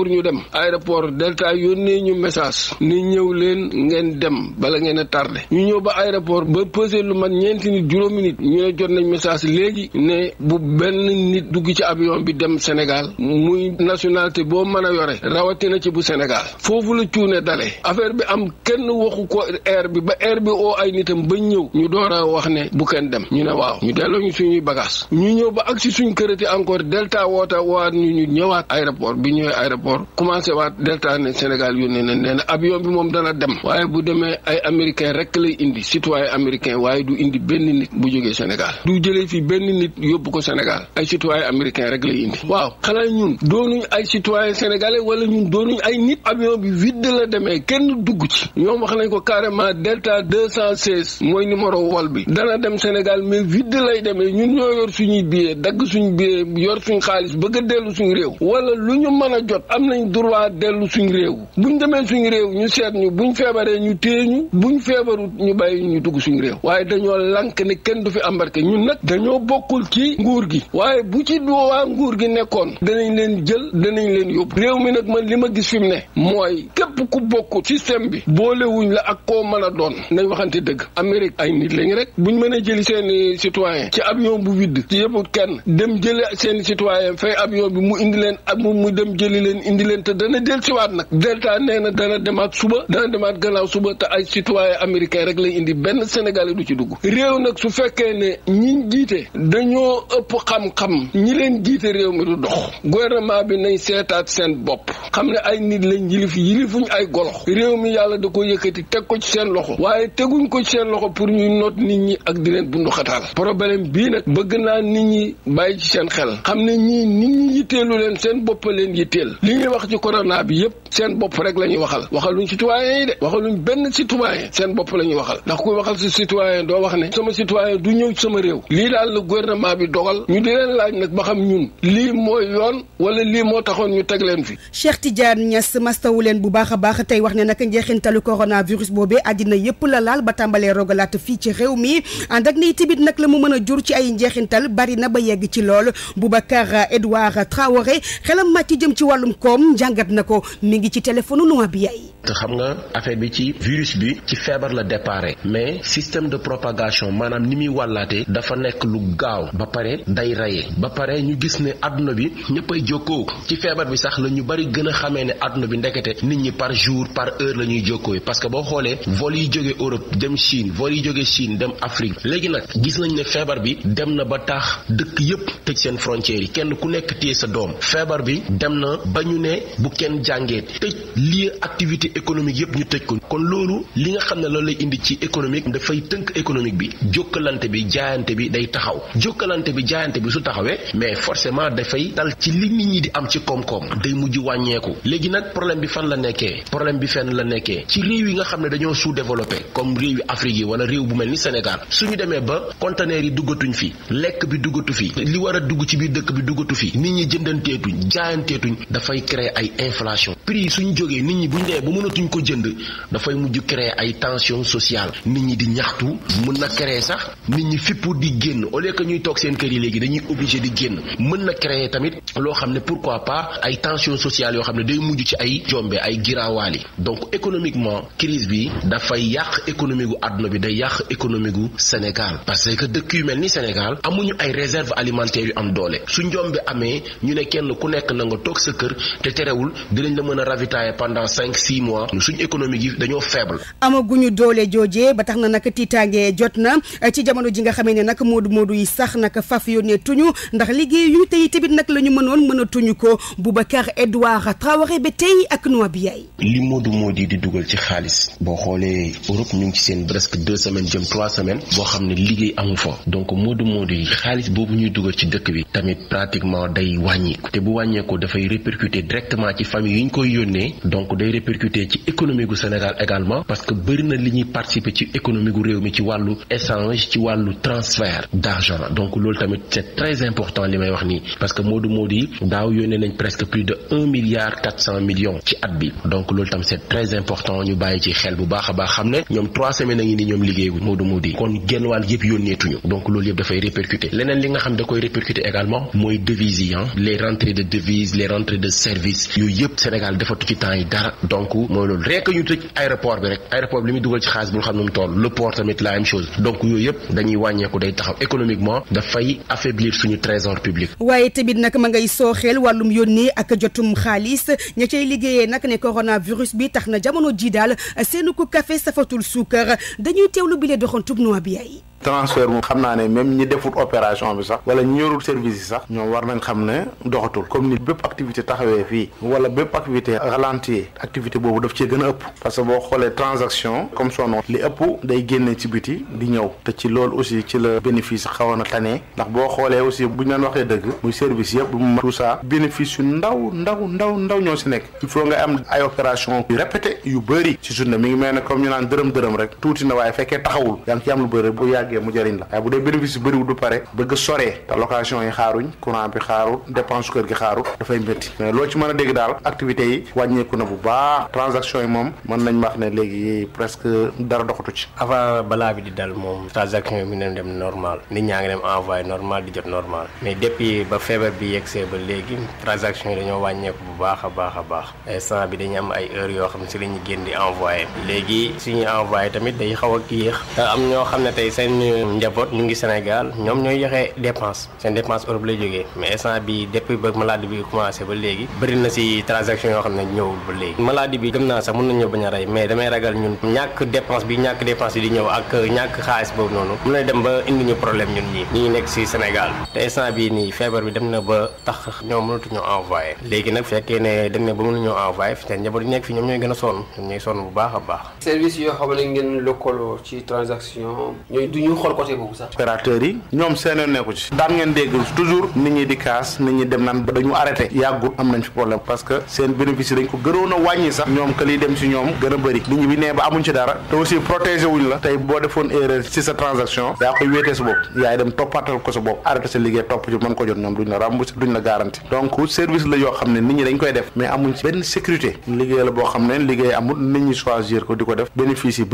pour ñu dem aéroport delta yónnee ñu message ni ñëw leen ngeen dem bala ngeen a tardé ñu ñëw ba aéroport ba pesé lu mat ñeenti nit juróomi nit ñu ne jot nañ message léegi ne bu benn nit dugg ci avion bi dem Sénégal muy nationalité boo mën a yore rawatina ci bu Sénégal foofu la cuune dale affaire bi am kenn waxu ko air bi ba air bi oo ay nitam ba ñëw ñu door wax ne bu kenn dem ñu ne waaw ñu delloo ñu suñuy bagage ñu ñëw ba ak si kërati encore ñu ñu ñëwaat aéroport bi ñëwee rapport commencé waat delta ne Sénégal yónnee na nee na avion bi moom dana dem waaye bu demee ay américain rek lay indi citoyen américain waaye du indi benn nit bu jógee Sénégal du jëlee fi benn nit yóbbu ko Sénégal ay citoyen américain rek lay indi waaw xanaa ñun doonuñ ay citoyen sénégalais wala ñun doonuñ ay nit avion bi vide la demee kenn dugg ci ñoom wax nañ ko carrément delta deux cent seize mooy numéro wol bi dana dem Sénégal mais vide lay demee ñun ñoo a a jot am nañ droit dellu suñ réew buñ demee suñ réew ñu seet ñu buñ feebaree ñu téye ñu buñ feebarut ñu bàyyi ñu dugg suñ réew waaye dañoo lank ne kenn du fi embarqué ñun nag dañoo bokkul ci nguur gi waaye bu ci waa nguur gi nekkoon danañ leen jël danañ leen yóbbu réew mi nag man li ma gis fi mu ne mooy képp ku bokk système bi boolewuñ la ak ko mën a doon nañ waxante dëgg Amérique ay nit lañ rek buñ mën a jëli seeni citoyen ci avion bu vide ci indi leen te dana del ci waat nag delta nee na dana demaat suba dana demaat gannaaw suba te ay citoyen américain rek lay indi benn sénégalais du ci dugg réew nag su fekkee ne ñi jiite dañoo ëpp xam-xam ñi leen jiite réew mi du dox gouvernement bi nañ seetaat seen bopp xam ne ay nit lañ yilif yilifuñ ay golox réew mi yàlla da ko yëkkati teg ko ci seen loxo waaye teguñ ko ci seen loxo pour ñuy not nit ñi ak di leen bundu xataal problème bii nag bëgg naa nit ñi bàyyi ci seen xel xam ne ñii nit ñi yitteelu leen seen bopp leen yitteel li ñuy wax ci corona bi yëpp seen bopp rek la ñuy waxal waxaluñ citoyen yi de waxaluñ benn citoyen seen bopp la ñuy waxal ndax kuy waxal si citoyen doo wax ne sama citoyen du ñëw sama réew lii daal la gouvernement bi dogal ñu di leen laaj nag ba xam ñun lii mooy yoon wala lii moo taxoon ñu teg leen fi. Cheikh Tidiane Niass mastawu leen bu baax a baax tey wax ne nag njeexintalu coronavirus boobee àddina yëpp la laal ba tàmbalee rogalaat fii ci réew mi ànd ak ni tamit la mu mën a jur ci ay njeexintal bari na ba yegg ci lool koom jàngat na ko mi ngi ci téléphone nu bi yaay. te xam nga affaire bi ci virus bi ci feebar la déparé mais système de propagation maanaam ni muy wàllaatee dafa nekk lu gaaw ba pare day rayé ba pare ñu gis ne àdduna bi ñëppay jokkoo ci feebar bi sax la ñu bari gën a xamee ne àdduna bi ndekete nit ñi par jour par heure la ñuy jokkoo parce que boo xoolee vol yi jóge Europe dem Chine vol yi jóge Chine dem Afrique léegi nag gis nañ ne feebar bi dem na ba tax dëkk yépp tëj seen frontières yi kenn ku nekk téye sa doom bi ñu ne bu kenn jàngee tëj lii activité économique yëpp ñu tëj ko kon loolu li nga xam ne loolu lay indi ci économique dafay tënk économique bi jokkalante bi jaayante bi day taxaw jokkalante bi jaayante bi su taxawee mais forcément dafay dal ci li nit ñi di am ci koom-koom day mujj wàññeeku léegi nag problème bi fan la nekkee problème bi fen la nekkee ci réew yi nga xam ne dañoo sous-développé comme réew yi Afrique yi wala réew bu mel ni Sénégal suñu demee ba conteneurs yi duggatuñ fi lekk bi duggatu fi li war a dugg ci biir dëkk bi duggatu fi nit ñi jëndanteetuñ jaayanteetuñ créer ay inflation prix yi suñ jógee nit ñi buñ demee ba mënatuñ ko jënd fay mujj créer ay tension sociale nit ñi di ñaxtu mën na créer sax nit ñi fippu di génn au lieu que ñuy tok seen kër yi légui dañuy obligé di génn mën na créer tamit lo xamné pourquoi pas ay tension sociale yo xamné day mujj ci ay jombe ay giraawaali donc économiquement crise bi dafay yàq économie gu àdduna bi day yàq économie gu Sénégal parce que dëkk yu melni Sénégal amuñu ay réserve alimentaire yu am doole suñ njombe amé ñu né kenn ku nekk na nga tok sa kër te terewul dinañ la mën a ravitailler pendant cinq six mois suñ économie yi dañoo faible. amaguñu doole joojee ba tax na nag tiitaange jot na ci jamono ji nga xamee ne nag moodu moodu yi sax nag faf yónnee tuñu ndax liggéeyuñu tey tamit nag la ñu mënoon mën a tuñu ko Boubacar Edouard Traoré ba tey ak Noabiaye. li moodu moodu yi di dugal ci xaalis boo xoolee Europe ñu ngi ci seen presque deux semaines jëm trois semaines boo xam ne liggéey amu fa donc moodu moodu yi xaalis boobu ñuy dugal ci dëkk bi tamit pratiquement day wàññeeku te bu wàññeeku dafay répercuter répercuter directement ci famille yi ñu koy yónnee donc day répercuter ci économie gu Sénégal également parce que bëri na li ñuy participer ci économie gu réew mi ci walu échange ci walu transfert d'argent donc lool tamit c'est très important li may wax ni parce que Modou modi daw daaw nañ presque plus de un milliard quatre cent millions ci at bi donc lool tam c'est très important ñu bayyi ci xel bu baaxa a baax xam ne trois semaines ngi ni ñom liggéey Modou Modou yi kon genn wal yëpp yonnetuñu donc loolu da fay répercuter leneen li nga xam da koy répercuter également moy devises hein les rentrées de devises les rentrées de service yooyu yëpp Sénégal defatu ci temps yi dara donc mooy loolu rek ñu tëj aéroport bi rek aéroport bi li muy dugal ci xaalis bu xam ne mu toll le port tamit la même chose donc wàllum yónnee ak jotum xaalis ña liggéeyee nag ne coronavirus bi tax na jamono ji daal seenu ko café safatul suukar dañuy teewlu bile doxantub noa bi ay transfert moom xam naa ne même ñi defut opération bi sax wala ñi yorul service yi sax ñoom war nañ xam ne doxatul comme ni bépp activité taxawee fii wala bépp activité ralenti activité boobu daf cee gën a ëpp parce que boo xoolee transaction comme son nom li ëpp day génne ci biti di ñëw te ci loolu aussi ci la bénéfice xawoon a tane ndax boo xoolee aussi buñ ñu leen waxee dëgg muy service yëpp bu mu tout ça bénéfice yu ndaw ndaw ndaw ndaw ñoo si nekk il faut nga am ay opération yu répété yu bëri ci journée mi ngi mel ne comme ñu naan dërëm dërëm rek tuuti na waaye fekkee taxawul yaa ngi ci am lu bëri bu yàgg yàggee mu jëriñ la waaye bu dee bénéfice bi bëriwul du pare bëgg soree te location yi xaaruñ courant bi xaarul dépense kër gi xaarul dafay métti mais loo ci mën a dégg daal activités yi wàññeeku na bu baax transaction yi moom mën nañ wax ne léegi presque dara bi di dal moom transaction yi mi neen dem normal nit ñaa ngi dem envoyé normal di jot normal mais depuis ba feebar bi yegsee ba léegi transaction yi dañoo wàññeeku bu baax a baax a baax instant bi dañu am ay heures yoo xam ne si la ñuy génn di envoyé léegi suñuy envoyé tamit day xaw a yéex te am ñoo xam ne tey seen suñu njaboot ñu ngi Sénégal ñoom ñooy joxe dépense seen dépense Europe lay jógee mais instant bi depuis ba maladie bi commencé sax mën nañu bañ a rey mais damay ragal ñun ñàkk dépense bi ñàkk dépense di ñëw ak ñàkk xaalis boobu noonu mën na dem ba indi ñu problème ñun ñii ñi nekk si Sénégal te instant bii nii feebar bi dem na ba tax ñoom mënatuñoo envoyé léegi nag fekkee ne dem na ba mënuñoo envoyé seen njaboot yi nekk fi ñoom ñooy gën a sonn ñooy sonn bu ñu xool côté boobu sax. opérateurs yi ñoom seen yoon nekku ci daan ngeen dégg toujours nit ñi di kaas nit ñi dem naan ba dañu arrêté yàggul am nañ fi problème parce que seen bénéfice dañ ko gënoon a wàññi sax ñoom que liy dem si ñoom gën a bëri nit ñi bi nee ba amuñ ci dara te aussi protégé wuñ la tey boo defoon erreur si sa transaction yaa koy wéetee sa bopp yaay dem toppaatal ko sa bopp arrêté sa liggéey topp ci mën ko jot ñoom duñ la remboursé ne nit koy def mais amuñ ci benn sécurité liggéey la boo xam ko di ko def bénéfice yi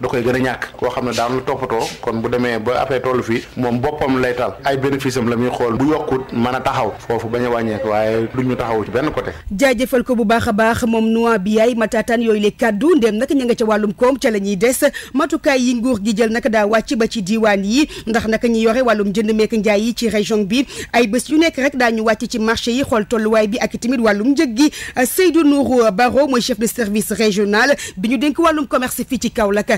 da koy gën a ñàkk koo xam ne daan la toppatoo kon bu demee ba affaire tollu fii moom boppam lay tal ay bénéfice la muy xool bu yokkut mën a taxaw foofu bañ a wàññeeku waaye duñu taxaw ci benn côté jaajëfal ko bu baax a baax moom noi bi yaay mataataan yooyu le kàddu ndem nag ña nga ca wàllum koom ca la ñuy des matukaay yi nguur gi jël nag daa wàcc ba ci diiwaan yi ndax nag ñi yore wàllum jënd mekk njaay yi ci région bi ay bés yu nekk rek daañu wàcc ci marché yi xool tolluwaay bi ak tamit wàllum njëg gi Seydou Nourou Baro mooy chef de service régional bi ñu dénk wàllum commerce fii ci Kaolack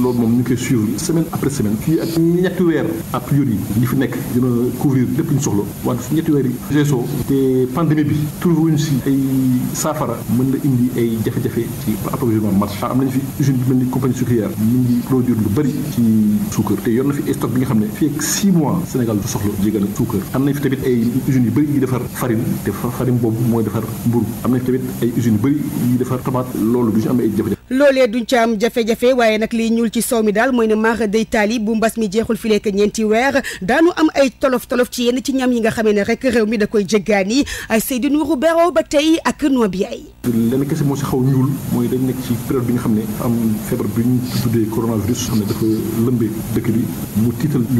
loolu moom ñu suivre semaine après semaine fii ak a priori li fi nekk dina couvrir lépp ñu soxla wante ñetti weer yi pandémie bi trouvé une si ay saafara mën indi ay jafe-jafe ci approvisionnement marché am fi usine compagnie sucrière qui ngi produire lu bëri ci sucre te fi stock bi nga xam 6 mois Sénégal du soxla ak sucre am nañ fi tamit ay usine yu bëri yi farine te farine boobu mooy defar am nañ ay usine yu bëri yi defar tomate loolu du ñu am ay loolee duñ ca am jafe-jafe waaye nag liy ñuul ci soow mi daal mooy ne maar day taali bu mbas mi jeexul fi lekk ñeenti weer daanu am ay tolof-tolof ci yenn ci ñam yi nga xamee ne rek réew mi da koy jéggaani Seydou Nourou Bero ba tey ak noix bi ay lenn moo si xaw ñuul mooy dañ nekk ci période bi nga xam ne am feebar bi ñu tuddee coronavirus xam ne dafa ñu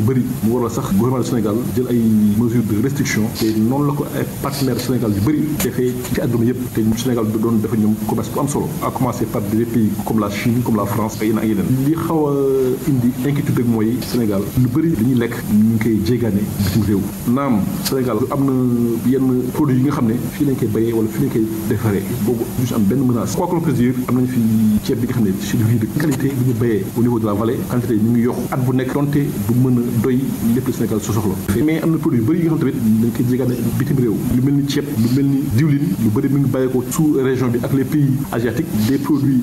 bëri mu waral sax gouvernement du Sénégal jël ay mesures de restriction te noonu la ko ay partenaires Sénégal yu bëri defee ci àdduna yëpp te Sénégal doon dafa ñoom comme la Chine comme la France ay yeneen ak li xaw a euh, indi inquiétude rek Sénégal lu bëri dañuy lekk ñu ngi koy jéegaane bitim réew naam Sénégal amna yenn produits yi nga xamné fi lañ koy bayé wala fi lañ koy défaré boobu du am benn menace quoi qu'on puisse dire am fi ceeb bi nga xamné ci du de qualité bi ñu bayé au niveau de la vallée quantité ñu ngi yox at bu nekk donte du mën doy lépp la Sénégal su soxlo mais amna produit bari yi nga xamné tamit dañ koy djégané bitim réew lu melni ni lu melni diwlin lu bari mi ngi ko sous région bi ak les pays asiatiques des produits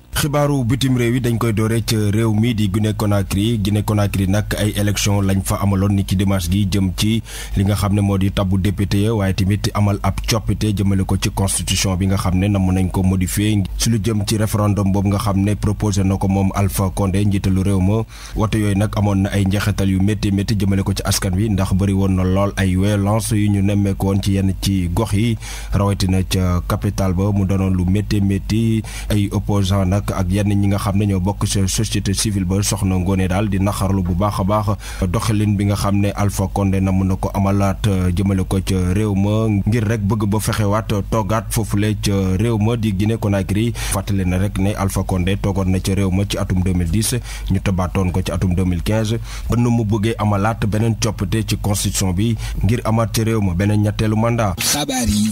xibaaru bitim réew yi dañ koy dooree ca réew mii di Guinée Conakry Guinée Conakry nag ay élection lañ fa amaloon ni ki dimanche gi jëm ci li nga xam ne moo di tabbu député waaye tamit amal ab coppite jëmale ko ci constitution bi nga xam ne namm nañ ko modifié si lu jëm ci référendum boobu nga xam ne proposé na ko moom Alpha Condé njiitalu réew ma wote yooyu nag amoon na ay njeexital yu métti métti jëmale ko ci askan wi ndax bari woon na lool ay violence yu ñu nemmeekoon ci yenn ci gox yi rawatina ca capitale ba mu doonoon lu métti métti ay opposant nag ak yenn ñi nga xam ne ñoo bokk sa société civile ba soxna Ngoné daal di naxarlu bu baax a baax doxalin bi nga xam ne Alpha Condé na mën na ko amalaat euh, jëmale ko ca réew ma ngir rek bëgg ba fexewaat euh, toogaat foofule ca réew ma di Guinée Conakry fàttali na rek ne Alpha Condé toogoon na ca réew ma ci atum 2010 ñu tabaatoon ko ci atum 2015 ba nu mu bëggee amalaat beneen coppite ci constitution bi ngir amaat ca réew ma beneen ñetteelu mandat. xabaar yi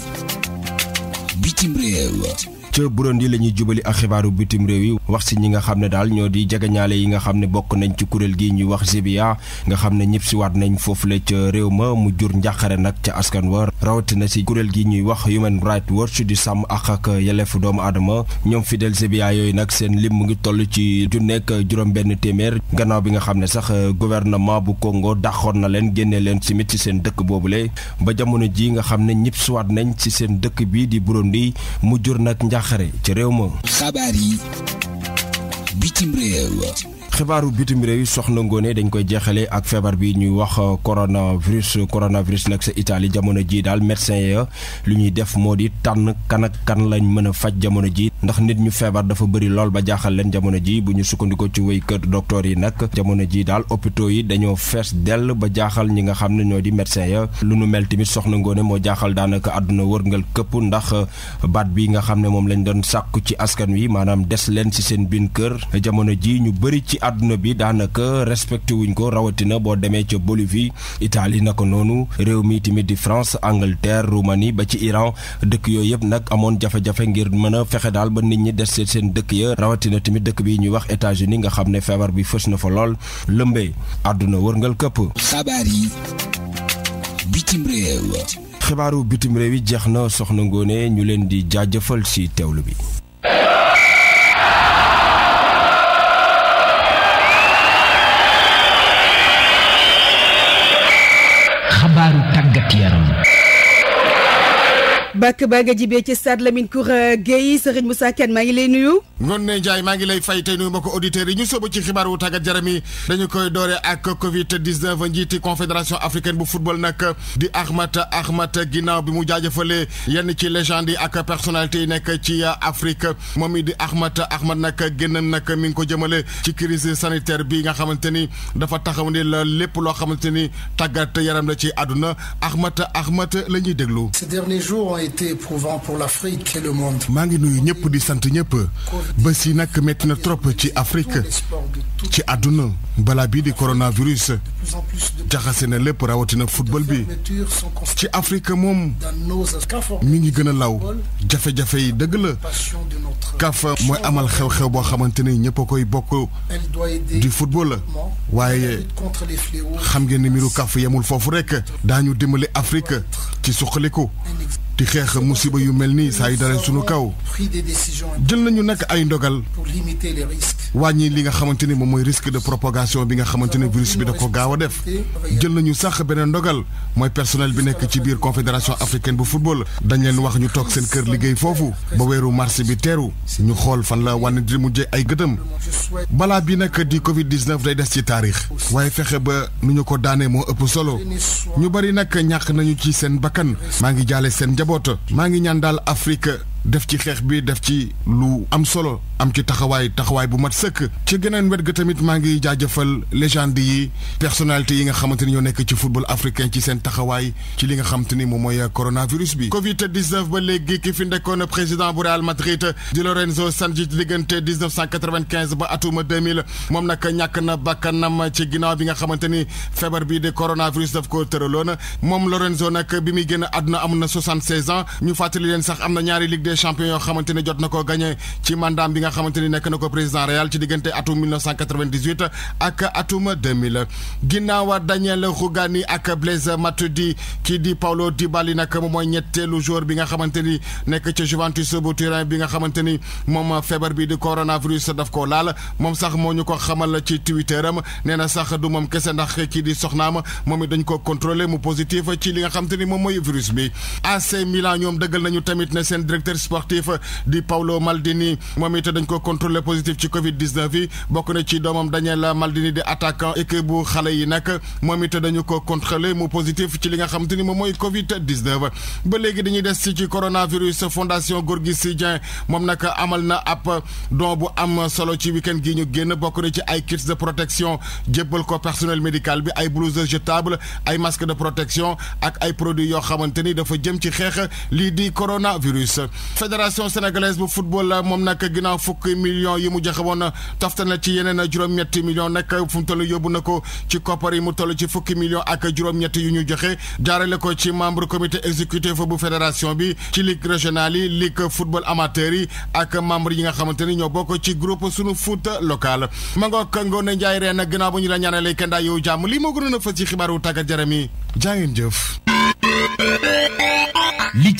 bitim réew. ca Burundi la ñuy jubali ak xibaaru bitim réew yi wax si ñi nga xam ne daal ñoo di jegeñaale yi nga xam ne bokk nañ ci kuréel gi ñuy wax Zebia nga xam ne ñëpp si waat nañ foofule ca réew ma mu jur njàqare nag ca askan wa rawatina si kuréel gi ñuy wax Human Rights Watch di sàmm ak ak yelefu doomu aadama ñoom fidèle Zebia yooyu nag seen lim mu ngi toll ci nekk juróom-benn téeméer gannaaw bi nga xam ne sax gouvernement bu Congo daxoon na leen génne leen simit ci seen dëkk boobule ba jamono ji nga xam ne ñëpp si nañ si seen dëkk bi di Burundi mu njaaxare ci réew ma. xabaar yi bitim xibaaru bitim réew yi soxna ngone dañ koy jeexale ak feebar bi ñuy wax euh, coronavirus coronavirus nag sa Italie jamono ji daal médecin ya lu ñuy def moo di tànn kan ak kan lañ mën a faj jamono ji ndax nit ñu feebar dafa bëri lool ba jaaxal leen jamono ji bu ñu sukkandiko ci wéy kër docteur yi nag jamono ji daal hôpitaux yi dañoo fees dell ba jaaxal ñi nga xam ne ñoo di médecin ya lu nu mel tamit soxna ngone moo jaaxal daanaka àdduna wërngal këpp ndax euh, baat bi nga xam ne moom lañ doon sàkku ci askan wi maanaam des leen si seen biin kër jamono ji ñu bëri ci àdduna bi daanaka respecté wuñ ko rawatina boo demee ca Bolivie na ko noonu réew mii tamit di France Angleterre Roumanie ba ci Iran dëkk yooyu yëpp nag amoon jafe-jafe ngir mën a fexe daal ba nit ñi des seen dëkk ya rawatina tamit dëkk bi ñuy wax États-Unis nga xam ne feebar bi fës na fa lool lëmbee àdduna wërngal këpp. xabaar yi bitim réew. xibaaru bitim réew yi jeex na soxna Ngoone ñu leen di jaajëfal ci teewlu bi. خبر bàkk baa nga jibee ci stade Lamine Koura euh, Guèye Serigne Moussa Kane maa ngi lay nuyu noonu ne Ndiaye maa ngi lay fay tey nuyu ma ko auditeurs yi ñu sóobu ci xibaar bu tàggat yaram yi dañu koy doore ak Covid 19 njiiti confédération africaine bu football nag di Ahmad Ahmad ginnaaw bi mu jaajëfalee yenn ci légende yi ak personnalité yi nekk ci Afrique moom it di Ahmad Ahmad nag génn nag mi ngi ko jëmale ci crise sanitaire bi nga xamante ni dafa taxaw ni la lépp loo xamante ni tàggat yaram la ci àdduna Ahmad Ahmad la ñuy déglu été éprouvant pour l'Afrique et le monde. Mangi ngi nuyu ñëpp di sant ñep ba si nak metti na trop ci Afrique ci aduna bala bi di coronavirus jaxase na lépp rawatina football bi ci Afrique mom mi ngi gëna law jafé jafé yi deug la CAF moy amal xew-xew bo xamante ñep ñëpp a koy bokk du football waaye xam ngeen ni mbiru CAF yamul fofu rek dañu dimbali Afrique ci suqaliku di xeex musiba yu mel nii saa yu dalee sunu kaw jël nañu nag ay ndogal wàññii li nga xamante ni moom mooy risque de propagation bi nga xamante ne virus bi da ko gaaw a def jël nañu sax beneen ndogal mooy personnel bi nekk ci biir confédération africaine bu football dañ leen wax ñu toog seen kër liggéey foofu ba weeru mars bi teeru ñu xool fan la wànne di mujjee ay gëtëm balaa bi nag di Covid 19 day des ci taarix waaye fexe ba nu ñu ko daanee moo ëpp solo ñu bari nag ci seen bakkan njaboot maa ngi ñaan daal Afrique def ci xeex bi def ci lu am solo am ci taxawaay taxawaay bu mat sëkk ci geneen wet ga tamit maa ngi jaajëfal légende yi personnalité yi nga xamante ni ñoo nekk ci football africain ci seen taxawaay ci li nga xamante ni moom mooy coronavirus bi covid 19 ba léegi ki fi ndekkoon président bu Real Madrid di Lorenzo Sanji diggante 1995 ba atuma 2000 moom nag ñàkk na bakkanam ci ginnaaw bi nga xamante ni feebar bi di coronavirus daf ko tëraloon moom Lorenzo nag bi muy génn àdduna am na 76 ans ñu fàttali leen sax am na ñaari ligue Champion champions yoo xamante ni jot na gagné ci mandaam bi nga xamante ni nekk na ko président Real ci diggante atum 1998 ak atum 2000 ginnaaw Daniel à ak Blaise matudi, Kidi di Paulo Dibali nag moom mooy ñetteelu joueur bi nga xamante ni nekk ci Juventus bu Turin bi nga xamante ni moom feebar bi di coronavirus daf ko laal moom sax moo ñu ko xamal ci twitteram nee na sax du moom kese ndax ki di soxnaam moom dañ ko contrôlé mu positif ci li nga xamante ni moom virus bi. AC Milan ñoom dëggal nañu tamit ne seen directeur sportif di Paolo Maldini moom it dañ ko contrôlé positif ci Covid 19 bi bokk ci Daniel Maldini di attaquant et que xale yi nag moom it dañu ko contrôlé mu positif ci li nga Covid 19. ba léegi dañuy des ci coronavirus fondation Gorgui sidien Dieng moom amalna amal na bu am solo ci week-end gii ñu génn bokk na ci ay kits de protection jébbal ko personnel médical bi ay blouses jetables ay masques de protection ak ay produits yoo xamante ni dafa jëm ci xeex lii di coronavirus. fédération sénégalaise bu football moom nag ginnaaw fukki millions yi mu joxe woon toftal na ci yeneen juróom-ñetti millions nag fu mu toll yóbbu na ko ci koppar yi mu toll ci fukki millions ak juróom-ñetti yu ñu joxe jaarale ko ci membre comité exécutif bu fédération bi ci ligue régionale yi ligue football amateur yi ak membre yi nga xamante ni ñoo ko ci groupe sunu foot local. Mangok Ngoné Ndiaye reen ginnaaw bu ñu la ñaanalee kenn daa yow jàmm lii moo gënoon a fës ci xibaaru tàggat jaram yi jaa ngeen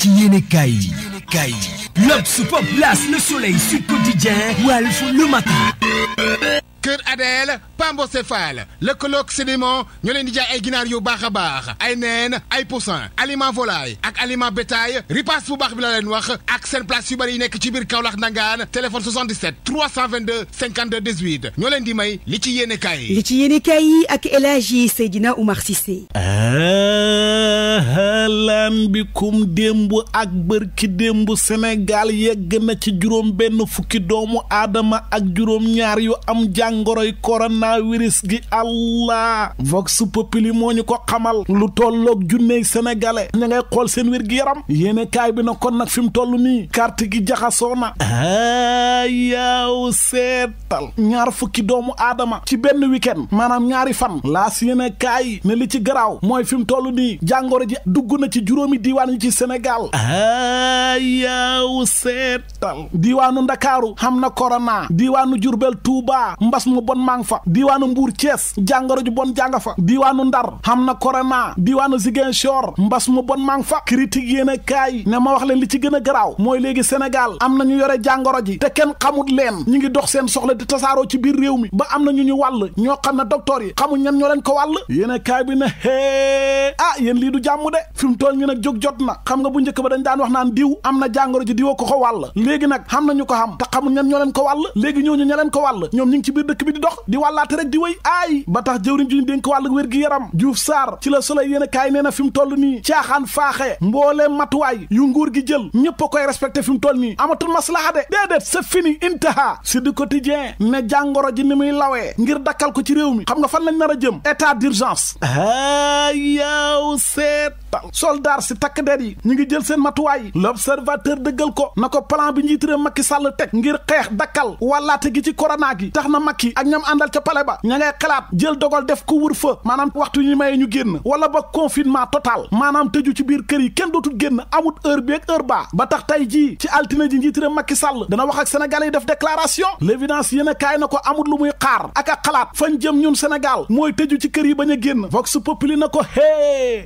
ci kaay yi yéenekaay yi L'Obs, Pop, L'As, Le Soleil, Sud Quotidien, Walf, Le Matin Kër Adèle Pambo Céphale le colloque sédiment ñoo leen di jaay ay ginaar yu baax a baax ay neen ay poussin aliment volaille ak aliment bétail ripaas bu baax bi la leen wax ak seen place yu bari yi nekk ci biir kaolax Ndangaan téléphone 77 322 52 18 ñoo leen di may li ci yéene kay li ci yéene kay yi ak El Hadji Seydina Oumar Cissé. halam bikum démb ak barki démb Sénégal yegg na ci juróom benn fukki doomu aadama ak juróom ñaar yu am jàngoroy corona. virus gi allah vox populi mo ñu ko xamal lu tollok junney sénégalais ña ngay xol seen wir gi yaram yene kay bi na kon nak fim mu ni carte gi jaxasoo na ayaw setal ñaar fukki doomu adama ci benn weekend manam ñaari fan laas yene kay ne li ci graw moy fim tollu ni jangoro ji duggu na ci diwan ci sénégal ayaw setal diwanu dakaru corona diwanu jurbel tuba, mbas mu bon mang fa diiwaanu Mbuur Thiès jàngoro ju bon jànga fa diiwaanu Ndar xam na korona diiwaanu Ziguinchor mbas mu bon maa ngi fa critique yéen a kaay ne ma wax leen li ci gën a garaaw mooy léegi Sénégal am na ñu yore jàngoro ji te kenn xamut leen ñu ngi dox seen soxla di tasaaroo ci biir réew mi ba am na ñu ñu wàll ñoo xam ne docteur yi xamuñ ñan ñoo leen ko wàll yéen a bi ne hee ah yéen lii du jàmm de fi mu toll ñu nag jóg jot na xam nga bu njëkk ba dañ daan wax naan am na jàngoro ji diwoo ko ko wàll léegi nag xam nañu ko xam te xamul ñan ñoo ko wàll léegi ñooñu ña leen ko wàll ñoom ñu ngi biir dëkk bi di dox natt rek di wéy aay ba tax jëwriñ juñ dénk wàllu wér gi yaram Diouf Sarr ci la Soleil yéen a kaay nee na fi mu toll nii caaxaan faaxe mboolee matuwaay yu nguur gi jël ñëpp a koy respecté fi mu toll nii amatu maslaha de déedéet c'est fini intaha si du quotidien ne jàngoro ji ni muy lawe ngir dakkal ko ci réew mi xam nga fan lañ nar a jëm état d'urgence aa seet soldar ci tak der yi ñu ngi jël seen matuway l'observateur dëggal ko nako plan bi njiit Macky Sall tek ngir xex dakal wala te gi ci corona gi taxna Macky ak ñam andal ci palais ba ña ngay xalat jël dogal def ko wurfa manam waxtu ñu may ñu genn wala ba confinement total manam teju ci bir kër yi kenn dotul genn amut heure bi ak heure ba ba tax tay ji ci altine ji njiit Macky Sall dana wax ak Sénégalais yi def déclaration l'évidence yéen kay nako amut lu muy xaar ak a xalaat fañ jëm ñun Sénégal moy teju ci kër yi baña genn vox populi nako ko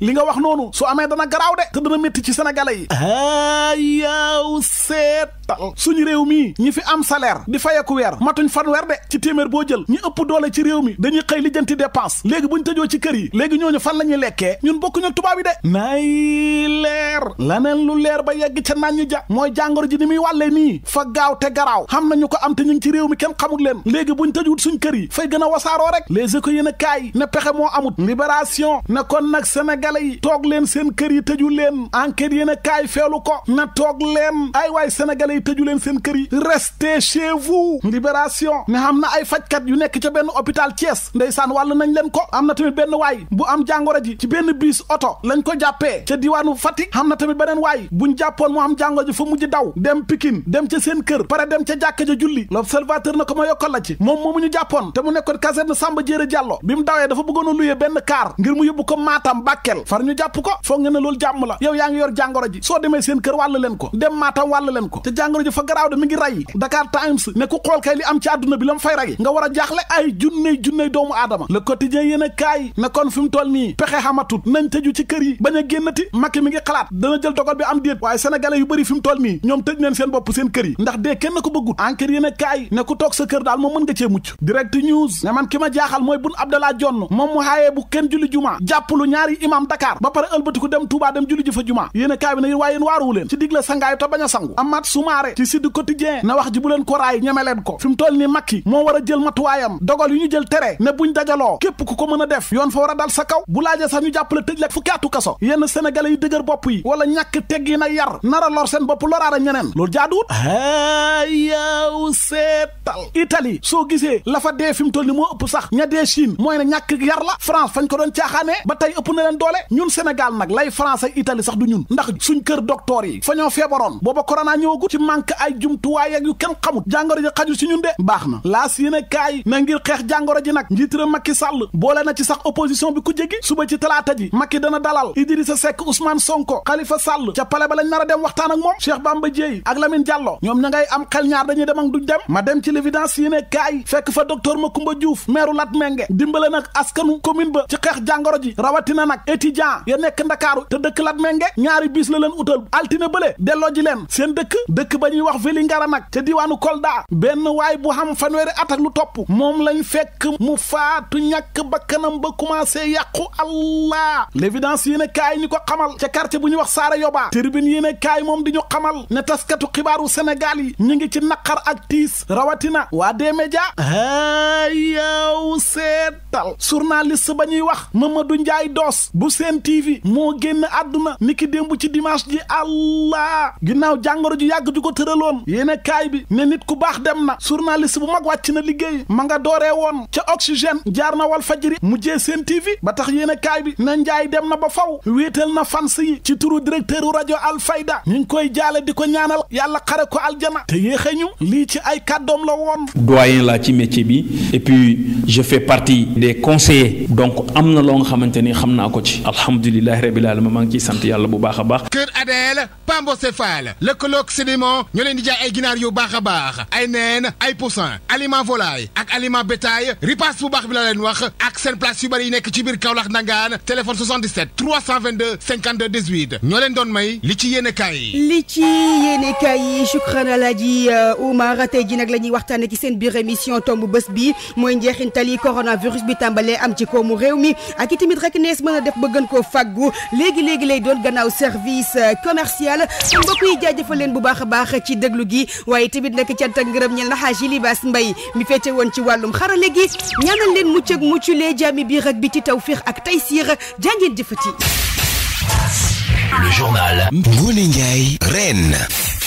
li nga wax nonu su amee dana garaaw de te dana métti ci sénégalais yi aa yaaw seet tal suñu réew mii ñi fi am salaire di fayeku weer matuñ fan fanweer de ci téeméer boo jël ñi ëpp doole ci réew mi dañuy xëy lijjanti dépense léegi bu buñ tëjoo ci kër yi léegi ñooñu fan la ñuy lekkee ñun bokkuñu tubaab yi de nay leer laneen lu leer ba yegg ca naan ñi ja mooy jàngoro ji ni muy wàllee nii fa gaaw te garaaw xam nañu ko am te ñu ci réew mi kenn xamul leen léegi buñ tëjuwut suñ kër yi fay gën a wasaaroo rek les éco yéen a kaay ne pexe moo amut libération ne kon nag sénégalais yi toog leen seen kër yi tëju leen enquête yéen a kaay feelu ko na toog leen ay waay sénégalais sénégalais yi tëju leen seen kër yi restez chez vous libération nga xam na ay fajkat yu nekk ca benn hôpital Thiès ndeysaan wàll nañ leen ko am na tamit benn waay bu am jàngoro ji ci benn biis oto lañ ko jàppee ca diwaanu Fatick am na tamit beneen waay buñ jàppoon mu am jàngoro ji fa mujj daw dem Pikine dem ca seen kër pare dem ca jàkka ja julli l'observateur na ko ma yokkal la ci moom moomu ñu jàppoon te mu nekkoon caserne Samba Jéere Jàllo bi mu dawee dafa bëggoon a luyee benn kaar ngir mu ko Matam Bakel far ñu jàpp ko foog nga ne loolu jàmm yow yaa ngi yor jàngoro ji soo seen kër wàll ko dem wàll leen jàngoro ji fa garaaw de mi ngi rey Dakar Times mu fay rey nii pexe xamatut nañ tëju ci yi bañ a génnati mi ngi xalaat dana jël dogal bi am déet waaye sénégalais yu bëri fi mu toll nii ñoom tëj neen seen bopp seen kër yi ndax dee kenn ko bëggut enquête yéen ne ku toog sa kër daal moom mën nga cee mucc direct news ne man ki ma jaaxal mooy bun Abdallah Jonn moom mu haayee bu kenn julli jumaa jàppalu ñaari imam Dakar ba pare ëlbatiku dem Touba dem julli jumaa yéen a kaay bi ne waaye yéen waaruwu leen ci digle sangaayu te sangu amat suma waare ci Sud Quotidien na wax ji bu leen ko raay ñeme leen ko fi mu toll ni moo war a jël matuwaayam dogal yu ñu jël tere ne buñ dajaloo képp ku ko mën a def yoon fa war a dal sa kaw bu laajee sax ñu jàppale tëj la fukki atu kaso yenn sénégalais yu dëgër bopp yi wala ñàkk teggi na yar nara lor seen bopp loraara ñeneen loolu jaaduwut ayaw seetal Italie soo gisee lafa fa dee fi mu toll ni moo ëpp sax ña dee Chine mooy ne ñàkk yar la France fañ ko doon caaxaanee ba tey ëpp na leen doole ñun Sénégal nag lay France ak sax du ñun ndax suñ kër docteur yi fa ñoo feebaroon booba manque ay jumtuwaay ak yu kenn xamut jàngoro ji xaju si ñun de baax na laas yéen a kaay na ngir xeex jàngoro ji nag njiitëram Macky sàll boole na ci sax opposition bi ku jégi suba ci talaata ji Macky dana dalal Idrissa Seck Ousmane Sonko Khalifa sàll ca pale ba lañ nar a dem waxtaan ak moom Cheikh Bamba Dièye ak Lamine Diallo ñoom ña ngay am xel ñaar dañuy dem ak du dem ma dem ci l'évidence yéen a kaay fekk fa docteur Macoumba Diouf meeru Latmingué dimbale nag askanu commune ba ci xeex jàngoro ji rawatina nag étudiant ya nekk Ndakaaru te dëkk Latmingué ñaari bis la leen utal altine bële delloo ji leen seen dëkk dëkk dëkk ba ñuy wax Vélingara nag ca diwaanu Kolda benn waay bu xam fanweeri at ak lu topp moom lañu fekk mu faatu ñàkk bakkanam ba commencé yàqu allah l'évidence yéen a kaay ñu ko xamal ca quartier bu ñuy wax Saara Yoba tribune yéen a kaay moom di ñu xamal ne taskatu xibaaru Sénégal yi ñu ngi ci naqar ak tiis rawatina waa des médias hayaw seetal journaliste ba ñuy wax Mamadou Ndiaye Doss bu Sen TV moo génn àdduna niki démb ci dimanche ji allah ginnaaw jàngoro ju ko tëraloon yéene kaay bi ne nit ku baax dem na journaliste bu mag wàcc na liggéey ma nga dooree woon ca oxygène jaar na wal fajiri mujjee seen TV ba tax yéene kaay bi na njaay dem na ba faw wéetal na fans yi ci turu directeur rajo Alfayda ñu ngi koy jaale di ko ñaanal yàlla xare ko aljana te yéexe ñu lii ci ay kàddoom la woon doyen laa ci métier bi et puis je fais partie des conseillers donc am na loo nga xamante ni xam naa ko ci alhamdulilahi rabil alamin maa ngi ciy sant yàlla bu baax a baax Auchan leen di jaay ay ginaar yu baax a ay neen ay poussin aliment volaille ak aliment bétail ripaas bu baax bi la leen wax ak place yu bari nekk ci téléphone 77 322 52 18 ñoo leen doon may li ci yéene kaay li ci yéene kaay yi Choukran aladi euh, Oumar tey ji nag la ci seen biir émission tomb bés bi mooy coronavirus bi tàmbalee am ci koomu réew mi ak itamit rek nees def lay gannaaw service euh, commercial mbokk yi jaajëfal leen bu baax baax ci déglu gi waaye tamit nag cant ak ngërëm ñel na xaaji libaas mbay mi féete woon ci wàllum xarale gi ñaanal leen mucc ak mucc lee jaami biir ak biti tawfiix ak taysiir jàngeen jëfati le journal Ngoné Ndiaye Reine